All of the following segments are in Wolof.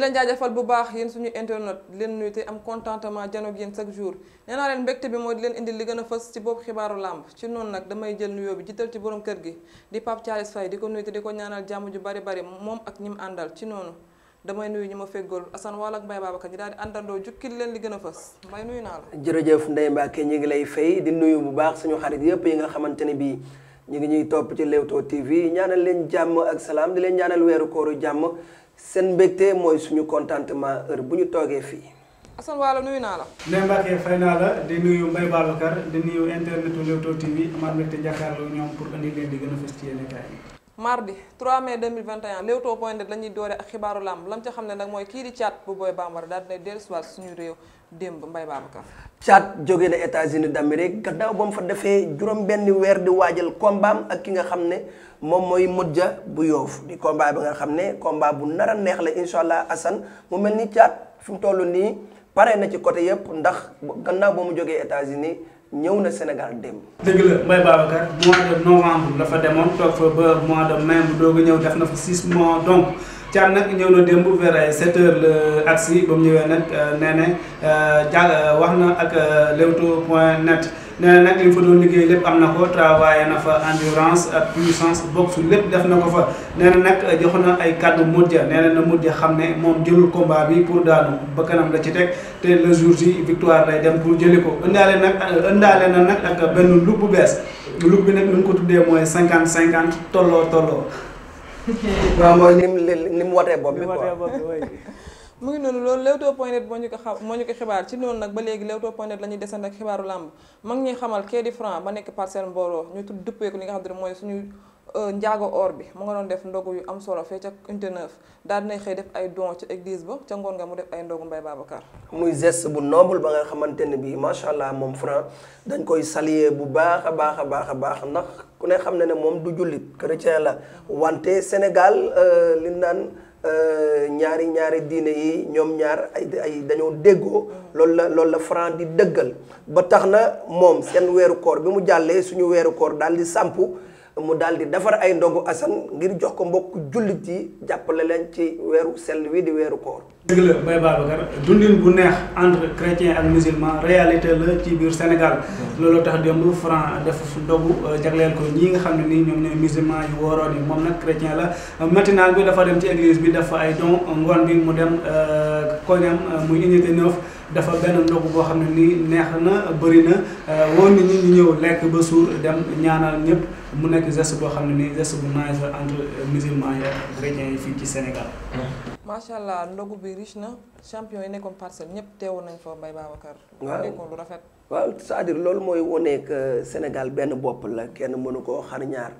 leen jaajafal bu baax yéen suñu internet leen nuyu te am contentement janoog yéen chaque jour nee naa leen mbégte bi moo leen indil li gën a fës ci bopp xibaaru làmb ci noonu nag damay jël nuyoo bi jiital ci borom kër gi di Pape Thialis Faye di ko nuyu di ko ñaanal jàmm ju bari bari moom ak ñi mu àndal ci noonu damay nuyu ñi ma feggool assan Wall ak Mbaye Babacar ñi daal di àndandoo jukkil leen li gën a fës Mbaye nuyu naa la jërëjëf Ndeye Mbacke ñi ngi lay fay di nuyu bu baax suñu xarit yëpp yi nga xamante ne bii ñu ngi ñuy topp ci Leewtoo TV ñaanal leen jàmm ak salaam di leen ñaanal weeru kooru jàmm seen mbégte mooy suñu contentement heure bu ñu toogee fii. Assane Waalo nuyu naa la. nee fay naa la di nuyu Mbaye Babacar di nuyu internetu Leewtoo TV amaat mbégte jàkkaarloo ñoom pour indi leen di gën a fës ci yéen mardi 3 mai 2021 Leewtoo point net la ñuy doore ak xibaaru làmb lam ca xam ne nag mooy kii di caat bu booy a daal dinay dellusiwaat suñu réew démb mbay Babacar caat jóge na États-Unis d'Amérique gannaaw ba mu fa defee juróom benn weer di waajal kombaam ak ki nga xam ne moom mooy mujja bu yoof di combat bi nga xam ne combat bu nar a neex la incha allah asan mu mel ni caat fi mu toll nii pare na ci côté yëpp ndax gannaaw ba mu jógee États-Unis ñëw na Sénégal dem. dëgg la Mbaye Babacar mois de novembre la fa demoon toog fa ba mois de mai bu doog ñëw def na fa six mois donc Thiam nag ñëw na démb vers ay sept heures la agsi ñëwee nag euh, nee na euh, jàll euh, wax na ak Leewtoo point net. nee nag li mu fa doon liggéey lépp am na ko travaillé na fa endurance ak puissance boxe lépp def na ko fa nee na nag jox na ay kàddu mujj nee na na Modja xam ne moom jëlul combat bi pour daal ba kanam la ci teg te le jour ji victoire lay dem pour jëli ko ëndaale nag ëndaale na nag ak benn lug bu bees lug bi nag nu ko tuddee mooy cinquante cinquante tolloo tolloo. waaw mooy ni mu ni mu watee bopp bi mu ngi noonu loolu Leewtoo point net moo ñu ko xa moo ñu ko xibaar ci noonu nag ba léegi Leewtoo point net la ñuy desante ak xibaaru làmb mag ñuy xamal kee di franc ba nekk parcelle mbooloo ñu tudd duppeeku li nga xam te ne mooy suñu euh, njaago or bi mu nga doon def ndogu yu am solo fee ca unité neuf daal dinay xëy ay don ci ba ca ngoon nga mu def ay ndogu mbay Babacar muy geste bu noble ba nga xamante ne bi macha allah moom franc dañ koy saluer bu baax a baax a baax a baax ndax ku ne xam ne ne moom du jullit chrétien la wante Sénégal euh, li naan Euh, ñaari ñaari diine yi ñoom ñaar ay dañoo déggoo loolu la loolu la Franc di dëggal ba tax na moom seen weeru koor bi mu jàllee suñu weeru koor daal di sampu mu daal di defar ay ndogu asan ngir jox ko mbokk jullit yi jàppale leen ci weeru sell wi di weeru koor. dëgg la Baye Babacar dundin bu neex entre chrétien ak musulman réalité la ci biir Sénégal mm-hmm. loolu tax démb Franc def ndogu euh, jagleel ko ñi nga xam ne nii ñoom ñooy musulman yu wóoroon yi moom nag chrétien la matinal bi dafa dem ci église bi def ay don ngoon bi mu dem euh, koñam euh, muy unité neuf. dafa benn ndogu boo xam ne nii neex na bëri na euh, woon nit ñi ñu ñëw lekk ba suur dem ñaanal ñëpp mu nekk geste boo xam ne nii geste bu nice entre musulmans yi ak yi fii ci Sénégal. Mm. macha allah ndogu bi riche na champion yi nekkoon parcelle ñëpp teewoon nañ fa Mbaye Babacar. waaw nekkoon lu rafet. waaw cest loolu mooy wone que Sénégal benn bopp la kenn mënu koo xar ñaar.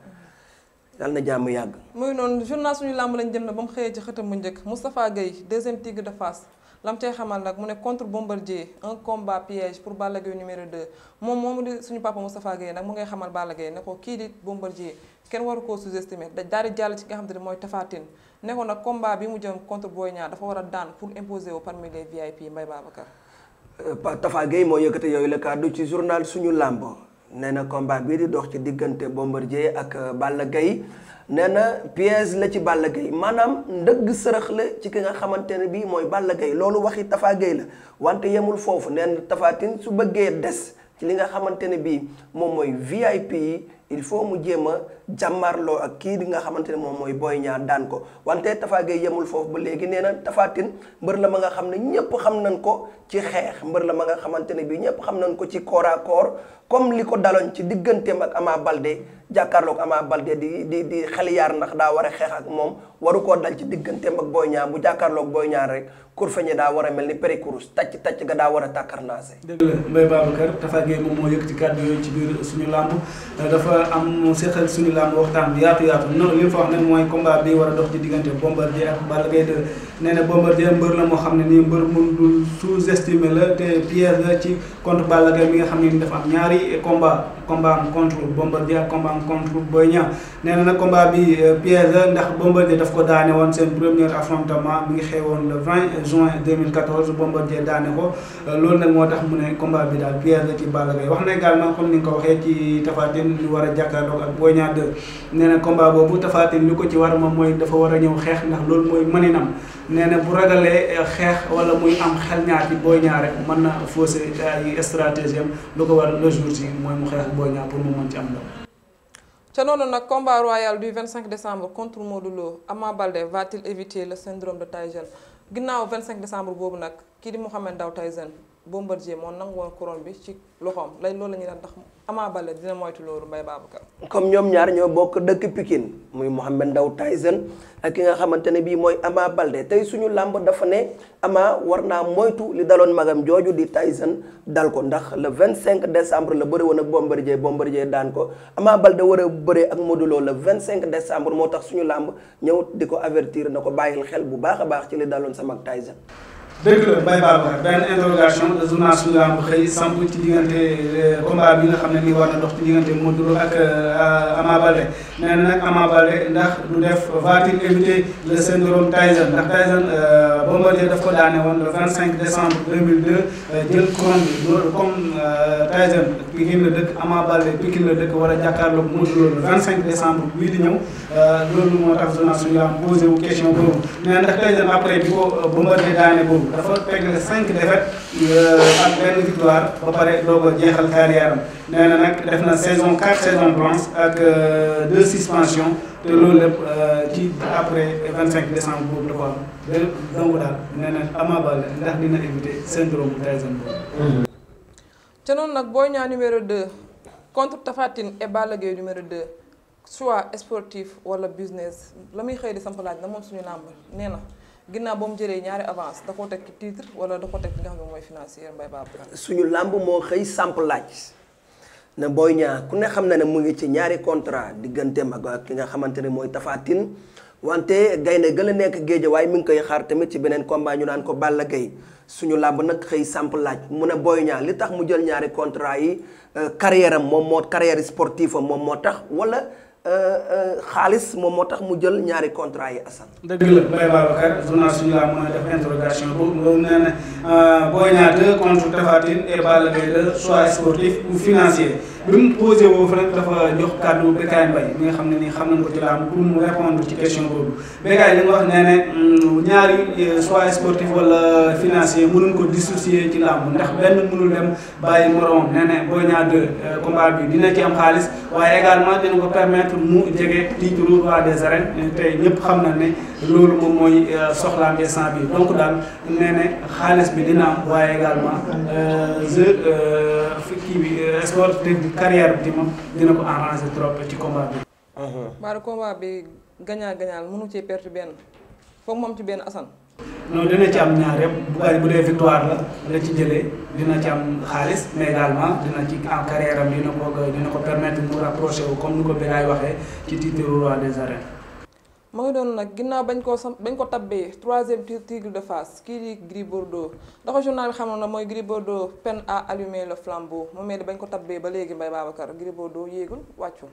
dal na jàmm yàgg. muy noonu journal suñu làmb lañ jëm na ba mu xëyee ci xëtam mu njëkk lam cay xamal nag mu ne contre Bombardier un combat piège pour Balla Gaye numéro 2 moom moomu di suñu papa Moustapha Guèye nag mu ngay xamal Balla Gaye ne kii di Bombardier kenn waru ko sous-estimer da daal di jàll ci ki nga xamante ne mooy Tapha Tine ne ko nag combat bi mu jëm contre Boy Niang dafa war a daan pour imposer wu parmi les VIP Mbaye Babacar. Euh, Tafa Guèye moo yëkkate yooyu la kàddu ci journal suñu làmb nee na combat bii di dox ci diggante Bombardier ak euh, Balla Gaye nee na piège la ci Balla Gaye maanaam ndëgg sërëx la ci ki nga xamante ne bii mooy Balla Gaye loolu waxi Tafa Gaye la wante yemul foofu nee na su bëggee des ci li nga xamante ne bii moom mooy VIP yi il faut mu jéem a jàmmarloo ak kii di nga xamante ne moom mooy Boy Niang daan ko wante Tapha Gueye foofu ba léegi nee na Tapha Tine mbër la ma nga xam ne ñépp xam nañ ko ci xeex mbër la ma nga xamante ne bii ñépp xam nañ ko ci corps comme li ko daloon ci digganteem ak Ama Baldé jàkkaarloog Ama Baldé di di di xel yaar ndax daa war a xeex ak moom waru koo dal ci digganteem ak Boy Niang bu jàkkaarloog Boy ñaar rek kurfeñe daa war a mel ni péricurus tacc tacc ga daa war a tàkkarnaase dëgg la Mbaye Babacar Tapha Gueye moom moo yëg ci biir suñu làmb dafa am seqal suñu làmb waxtaan bi yaatu yaatu noonu li mu fa wax nag mooy combat bi war a dox ci diggante Bombardier ak Balla Gaye 2 nee na Bombardier mbër la moo xam ne nii mbër mu dul sous-estimé la te pièce la ci contre Balla Gaye mi nga xam ne ni dafa am ñaari combat combat am contre Bombardier combat am contre Boy Niang na nag bi euh, pièce la ndax ko daane woon seen premier affrontement mi ngi xewoon le 20 juin 2014 Bombardier daane ko euh, loolu nag moo tax mu ne bi daal pièce la ci Balla Gaye wax na également comme ni nga ko waxee ci Tapha Tine lu war a jàkkaarloo ak Boy Niang 2 nee na combat boobu Tapha Tine li ko ci war moom mooy dafa war a ñëw xeex ndax loolu mooy mëninam nee na bu ragalee eh, xeex wala muy am xel ñaar bi booy ñaar rek mën na fausser eh, ay stratégie am lu ko war le jour ci mooy mu xeex Boy Niang pour mu mën ci am loolu. ca noonu nag combat royal du 25 décembre contre Modou Lo Ama Baldé va-t-il éviter le syndrome de Tyson ginnaaw 25 décembre boobu nag kii di Mouhamed ndaw Tyson Bombardier moo nangu woon couronne bi ci loxoom lay loolu la ñuy naan ndax Ama Baldé dina moytu loolu Mbaye Babacar. comme ñoom ñaar ñoo bokk dëkk Pikine muy Mohamed Ndao Tyson ak ki nga xamante ne bii mooy Ama Baldé tey suñu làmb dafa ne amaa war naa moytu li daloon magam jooju di Tyson dal ko ndax vingt 25 décembre la bëre woon ak Bombardier Bombardier daan ko Ama Baldé war a bëre ak Modou Lo le 25 décembre moo tax suñu làmb ñëw di ko avertir na ko bàyyil xel bu baax a baax ci li daloon sama ak dëgg la Baye Babacar benn interrogation le journal suñu lamb xëy samp ci diggante combat bi nga xam ne nii war na ci diggante Modou Lo ak euh, Ama Baldé nee na nag Ama ndax du def va-t-il éviter le syndrome ndax Tyson euh, Bombardier daf ko daane woon le 25 décembre 2002 euh, jël couronne bi loolu comme Tyson Pikine la dëkk Ama Baldé Pikine la dëkk war a jàkkaarloog Modou Lo le 25 décembre bii di ñëw loolu moo tax journal suñu lamb posé dafa tegle cinq défaites euh, ak benn victoire ba pare doog a jeexal carrière am na nag def na saison quatre saison blanche ak euh, deux suspensions te loolu lépp euh, ci après vingt cinq décembre boobu dafa am donc daal nee na Ama Baldé ndax dina éviter syndrome bu Tyson boobu. te noonu nag Boy Niang numéro 2 contre Tapha Tine et Balla Gaye numéro 2 soit sportif wala business la muy xëy di samp laaj na moom suñu làmb nee na. ginnaaw ba mu jëlee ñaari avance da teg ci titre wala da koo teg li nga xam ne mooy financier Mbaye suñu làmb moo xëy samp laaj na Boy Niang ku ne xam na ne mu ngi ci ñaari contrat digganteem ak ki nga xamante ne mooy Tapha wante gaynde gën a nekk géej waaye mi ngi koy xaar tamit ci beneen combat ñu naan ko Balla Gaye suñu làmb nag xëy samp laaj mun a Boy Niang li tax mu jël ñaari contrat yi euh, carrière am moom moo carrière sportive moom moo tax wala. xaalis moom moo tax mu jël ñaari contrat yi Assane. dëgg la Mbaye Babacar journal suñu laa mën a def interrogation boobu moom nee na Boy Niang 2 contre Tapha Tine et sportif ou financier. bi mu posé woo fa rek dafa jox kàddu Bécaye Mbaye mi nga xam ne nii xam nañ ko ci laam pour mu répondre ci question boobu Bécaye li nga wax nee ne mm, ñaari soit euh, sportif wala financier mënuñ ko dissocier ci mu ndax benn mënul dem bàyyi moroomam nee boo Boy Niang 2 euh, combat bi dina ci am xaalis waaye également dina ko permettre mu jege titre roi des arènes tey ñëpp xam na ni loolu ko mooy euh, soxlaam instant bi donc daal nee ne xaalis bi dina am waaye également bi sport technique ci carrière bi moom dina ko arranger trop ci combat bi. maanaam mhm. combat bi gagnant gagnant mënu cee perte benn foog moom ci benn asan. non dina ci am ñaar yëpp Bouga bu dee victoire la la ci jëlee dina ci am xaalis mais également dina ci en carrière am dina ko dina ko permettre mu rapproché wu comme ko Biraye waxee ci titre roi des arènes. moo ngi doon nag ginnaaw bañ koo sam bañ ko tabbee troisième tigre de Fass kii di Gris Bordeaux dafa journal bi xamoon na mooy Gris Bordeaux peine à allumer le flambeau mu mel ni bañ ko tabbee ba léegi Mbaye Babacar Gris Bordeaux yéegul wàccul.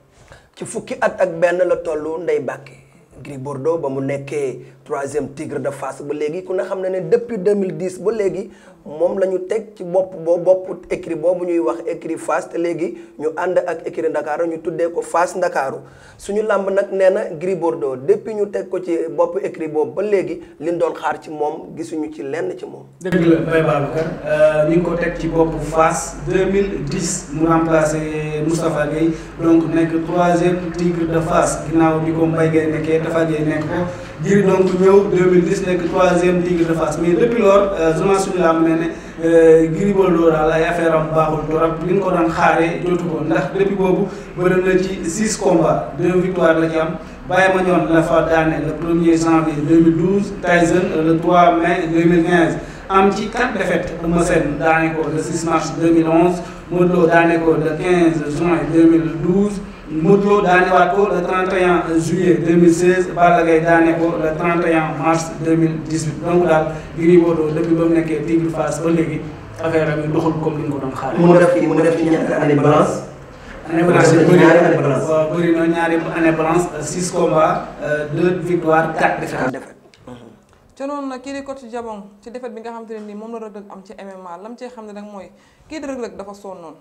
ci fukki at ak benn la tollu Ndeye Bakke Gris Bordeaux ba mu nekkee troisième tigre de Fass ba léegi ku ne xam ne ne depuis 2010 ba léegi moom la ñu teg ci bopp boo bopp écrit boobu ñuy wax écrit fas te léegi ñu ànd ak écrit Ndakaaru ñu tuddee ko fas Ndakaaru suñu làmb nag nee na Gris Bordeaux depuis ñu teg ko ci bopp écrit boobu ba léegi liñ doon xaar ci moom gisuñu ci lenn ci moom. dëgg la Mbaye Babacar euh, ñu ngi ko teg ci bopp Fass mu remplacé Moustapha Gueye donc nekk troisième tigre de Fass ginnaaw Tafa Gueye nekk ko jiri donc ñëw 2010 nekk troisième tigre de Fass mais depuis lors journal euh, suñu làmb ne ne euh, Gris Bordeaux daal ay affaire am baaxul torop li nga ko daan xaare jotu ko ndax depuis boobu bëri na ci 6 combats 2 victoires la ci am Baye Mandione la fa daane le 1er janvier 2012 Tyson le am ci 4 défaites Eumeu Sène daane ko le 6 mars 2011 Modou Lô daane ko le juin mu Lo daane waat ko le 31 juillet 2016 Balla Gaye daane ko le 31 mars 2018 donc daal Gris Bordeaux depuis ba mu nekkee Tigre Fass ba léegi affaire am yi doxul comme ni nga ko doon xaar. mu def ci mu def ci ñetti année balance. année balance yi bëri waaw bëri na ñaari année balance 6 combats 2 euh, victoires 4 défaites. ca noonu nag kii di coach Jabon ci défaite bi nga xam te ne nii moom la Reug Reug am ci lam cee xam ne nag mooy kii di Reug dafa sonnoon.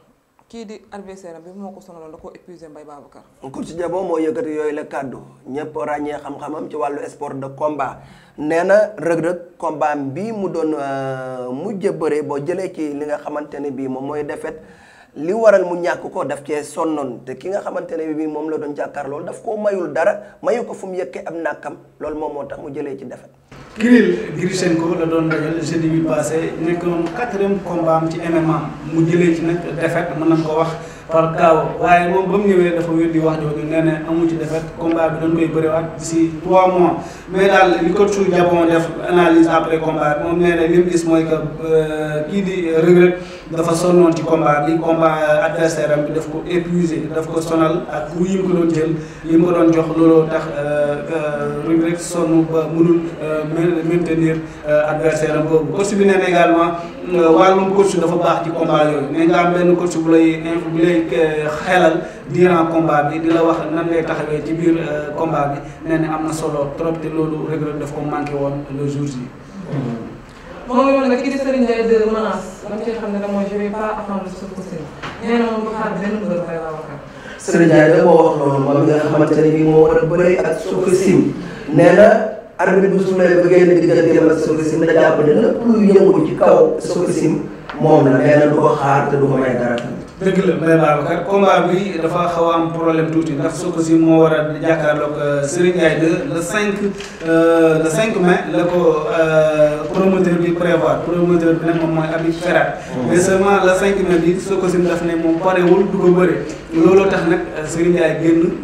kii di adversaire bi moo ko sonaloon da koo épuisé mbay Babacar. coach Diabo moo yëkkati yooyu la kàddu ñëpp ràññee xam-xamam ci wàllu sport de combat nee na rëg-rëg combat bi mu doon euh, mujj a bëree boo jëlee ci li nga xamante ne bii moom mooy défaite. li waral mu ñàkk ko daf cee sonnoon te ki nga xamante ne bi moom la doon jàkkaar loolu daf koo mayul dara mayu ko fu mu yëkkee am nàkkam loolu moom moo tax mu jëlee ci defet Kirill Grishenko la doon dajal jeudi bi passé nekkoon quatrième combat am ci MMA mu mën nañ ko wax par kaw waaye moom ba mu ñëwee dafa wér wax jooju nee na amu ci defet combat bi dañ koy bëriwaat si 3 mois mais daal li ko su jabon def analyse après combat moom nee na li mu gis mooy que euh, kii di regret dafa sonnoon ci combat bi combat adversaire bi daf ko épuisé daf ko sonal ak ku yi mu ko doon jël li mu ko doon jox looloo tax euh, euh, Reug Reug sonn ba mënul euh, maintenir adversaire am boobu coach bi nee na également wàllum coach dafa baax ci combat bi di la wax nan ngay taxawee ci biir combat bi nee am na solo trop te loolu Reug daf ko manqué woon le jour ji mm-hmm. moom la na gis Serigne Ndiaye de menace da xam ne na mooy je vais pas attendre na moom xaar benn mbër da moo wax noonu moom mi nga xamante ne bii moo war a bëri ak Sococim nee na arbitre bu suulee bëggee na digganteem ak Sococim na jàpp ne lépp luy yëngu ci kaw Sococim moom la nee du ko xaar te du ko may dara. dëgg la Mbaye Babacar combat bi dafa xaw am problème tuuti ndax su ko si moo war a jàkkaarloog euh, Serigne Ndiaye 2 le 5 euh, le 5 mai la ko euh, promoteur bi prévoir promoteur bi nag moom mooy Habib Ferat. Mm. mais seulement le ko si daf ne moom parewul du ko bëre. looloo tax nag Serigne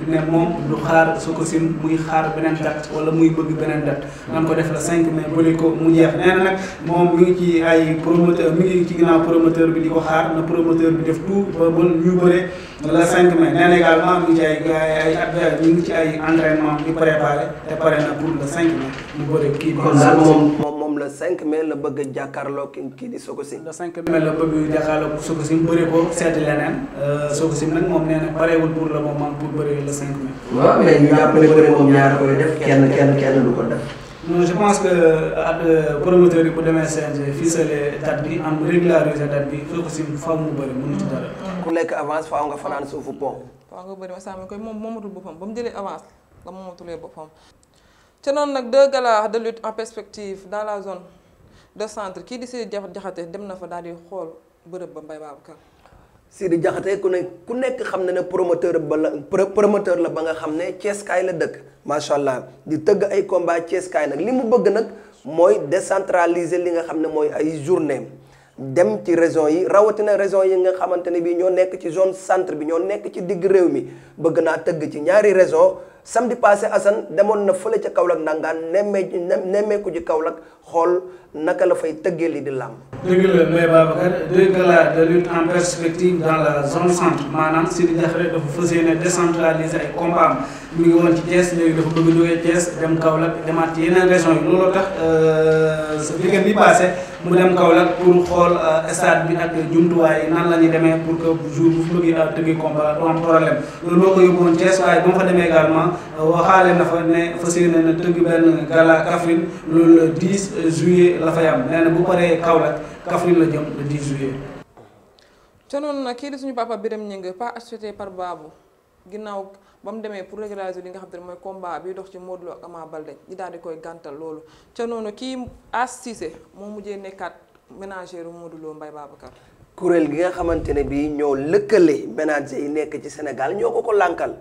ne moom du xaar su ko si muy xaar beneen date wala muy bëgg beneen date. nan ko def le 5 mai bëri ko mu jeex nee na nag moom mi ngi ci ay promoteur mi ngi ci ginnaaw promoteur bi di ko xaar na promoteur bi def tout. tout ba ñu bëre le 5 mai nee na également mu ngi ci ay ay at ñu ngi ci ay entraînement ñu préparé te pare na pour le 5 mai mu bëre kii bi. kon daal moom moom moom le 5 mai la bëgg a jàkkaarloo kii di Sokocim. le 5 mai la bëgg jàkkaarloo Sokocim bëre ko seeti leneen euh, Sokocim nag moom nee na parewul pour le moment pour bëre le 5 mai. waaw mais ñu jàpp ne bëre moom ñaar koy def kenn kenn kenn du ko def. non je pense que ak euh, promoteur yi bu demee CNG ficelé date bi am régulariser date bi fekk si faaw mu bëri mënu ci dara. Mm. ku lekk avance faaw nga fanaan suufu pont. faaw nga bëri wasaama koy moom moomatul boppam ba mu jëlee avance nga moomatulee boppam. ca noonu nag deux galas de lutte en perspective dans la zone de centre kii di si jaxate dem na fa daal di xool bërëb ba Mbaye Babacar. Sidi Diakhaté ku ne ku nekk xam na ne promoteur ba la promoteur la ba nga xam ne Ceeskaay la dëkk macha allah di tëgg ay combat Ceeskaay nag li mu bëgg nag mooy décentraliser li nga xam ne mooy ay journée dem ci région yi rawatina région yi nga xamante ne bii ñoo nekk ci zone centre bi ñoo nekk ci diggu réew mi bëgg naa tëgg ci ñaari région samedi passé Assane demoon na fële ca Kaolack ndangaan nemmee nemmeeku ji Kaolack xool naka la fay tëggee li di làmb. dëgg la mais Babacar deux galas de lutte en perspective dans la zone centre maanaam Sidi Diakhaté dafa fas yéene décentraliser ay combats mi ngi woon ci Thiès léegi dafa bëgg jógee Thiès dem Kaolack demaat yeneen région yi looloo tax euh, sa weekend bi passé mu dem Kaolack pour xool euh, stade bi ak jumtuwaay nan la ñuy demee pour que jour bu fi bëggee euh, tëggi combat du am problème loolu moo ko yóbbuwoon Thiès waaye fa demee également euh, waxaale na fa ne fas yéene na tëgg benn gala Kaffrine loolu juillet la fay am nee bu paree Kaolack kafrin la jëm le 10 juillet. ca noonu nag kii di suñu papa Birame Ngingue pas acheté par baabu ginnaaw. ba mu demee pour régulariser li nga xam ne mooy combat bi dox ci Modou Lo ak Ama ñi daal di koy gàntal loolu ca noonu kii As Cissé moo mujjee nekkaat ménager Modou Lo Mbaye Babacar. kuréel gi nga xamante ne bii ñoo lëkkale ménager yi nekk ci Sénégal ñoo ko ko lànkal.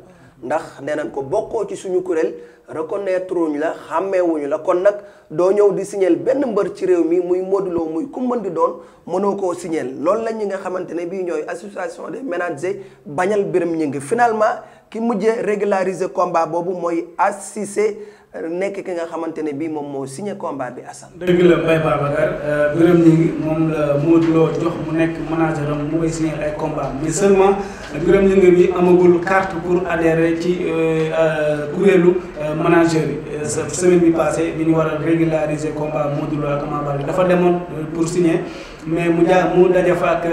ndax nee nañ ko bokkoo ci suñu kuréel reconnaître wuñu la xàmmeewuñu la kon nag doo ñëw di signéel benn mbër ci réew mi muy Modou Lo muy ku mën di doon mënoo koo signéel loolu la ñi nga xamante ne bii ñooy association des managers bañal ñu ngi finalement ki mujjee régulariser combat boobu mooy assisé nekk ki nga xamante ne bii moom moo signé combat bi Assane. dëgg la Mbaye Babacar Birame euh, Gningue moom la Modou jox mu nekk manager am mu koy ay combat mais seulement Birame Gningue bi amagul carte pour adhérer ci euh, euh, kuréelu manager yi semaine bi passée bi ñu war a régulariser combat Modou Lo ak dafa demoon pour mais mu jaa mu daje fa ak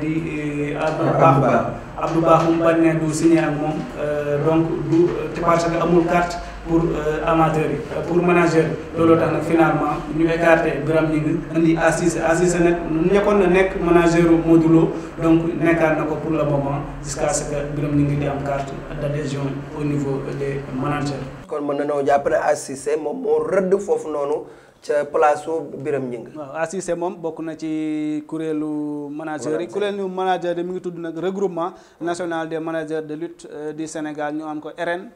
di Abdou Baax Ba Abdou Baax mu bañ ne du signé ak moom donc du parce que amul carte. pour euh, amateur yi euh, pour manager looloo tax nag finalement ñu écarté Birame ñi ngi indi Assis Assis nag nekkoon na nekk manager u donc nekkaat na ko pour le moment jusqu'à ce que Birame di am carte d'adhésion au niveau des managers. kon mën na noo jàpp ne Assis moom moo rëdd foofu noonu ca place su Birame waaw Assis moom bokk na ci kuréelu manager yi kuréelu manager yi mu ngi tudd nag regroupement national des managers de lutte euh, du Sénégal ñu am ko RN.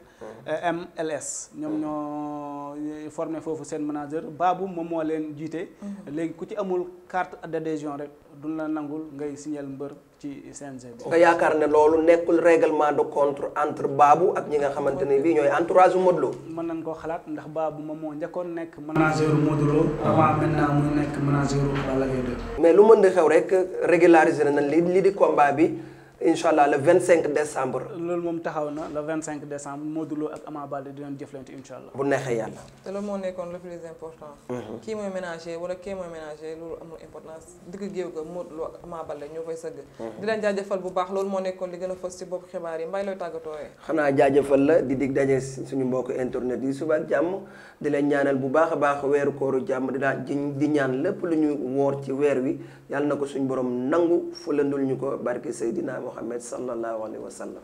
Euh, MLS ñoom ñoo formé foofu seen manager Babou moom moo leen jiite. Mhm. léegi ku ci amul carte d'adhésion rek du na nangul ngay signal mbër ci CNG bi. nga yaakaar ne loolu nekkul règlement de contre entre baabu ak ñi nga xamante ne bii ñooy entourage Modou Lo. mën nañ koo xalaat ndax Babou moom moo njëkkoon nekk manager Modou Lo avant maintenant mu nekk manager Balla Gaye lu mën di xew rek régulariser nañ li li di combat bi. incha allah le 25 décembre. loolu moom taxaw na le 25 décembre Modou Lo ak Ama di leen jëflante incha bu neexee yàlla. te loolu moo nekkoon le plus important. Mhm. kii mooy ménager wala kii mooy ménager loolu amul importance mhm. di leen jaajëfal bu baax loolu moo nekkoon li gën a fës ci bopp xibaar yi mbay looy tàggatooyee. xanaa jaajëfal la di dig daje suñu mbokk internet yi suba jàmm di leen ñaanal bu baax a baax weeru kooru jàmm di daal wi yàlla na ko suñu borom nangu fulandul ñu ko Mohamed sallallahu alayhi wa sallam.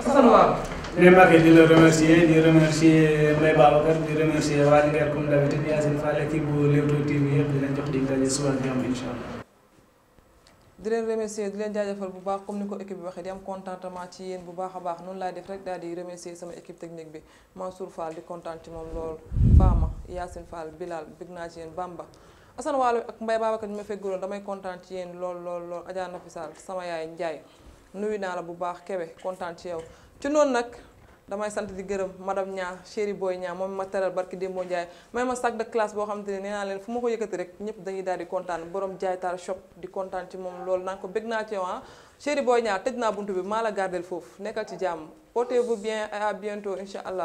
asalaamaaleykum. Ndeye Mbacke di la remercier di remercier Mbaye Babacar di remercier waa Linguère comme d'habitude Yacine Fall équipe bu Leewtoo TV yëpp di leen jox dig daje suba ak jàmm incha allah. di leen remercier di leen jaajëfal bu baax comme ni ko équipe bi waxee di am contentement ci yéen bu baax a baax noonu laay def rek daal di remercier sama équipe technique bi Mansour Fall di kontaan ci moom lool Fama Yacine Fall Bilal bëgg naa ci yéen Bamba. Assane Waalo ak Mbaye Babacar ñu ma fekkuloon damay kontaan ci yéen lool lool lool Adja Nafi sama yaay Ndiaye. nuyu naa la bu baax kewe kontaan ci yow ci noonu nag damay sant di gërëm madame ñaar chéri booy Nia moom ma teral barki Dembo Ndiaye may ma sac de classe boo xamante ne nee naa leen fu ma ko yëkkati rek ñëpp dañuy daal di kontaan borom jaaytaar shop di kontaan ci moom loolu naan ko bég naa ci yow ah chéri boy tëj naa buntu bi maa la gardel foofu nekkal ci jàmm portez-vous bien et à bientôt incha allah.